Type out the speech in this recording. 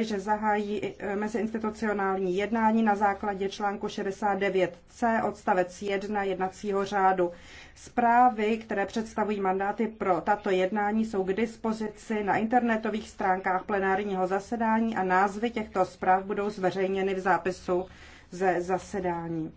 že zahájí e, meziinstitucionální jednání na základě článku 69c odstavec 1 jednacího řádu. Zprávy, které představují mandáty pro tato jednání, jsou k dispozici na internetových stránkách plenárního zasedání a názvy těchto zpráv budou zveřejněny v zápisu ze zasedání.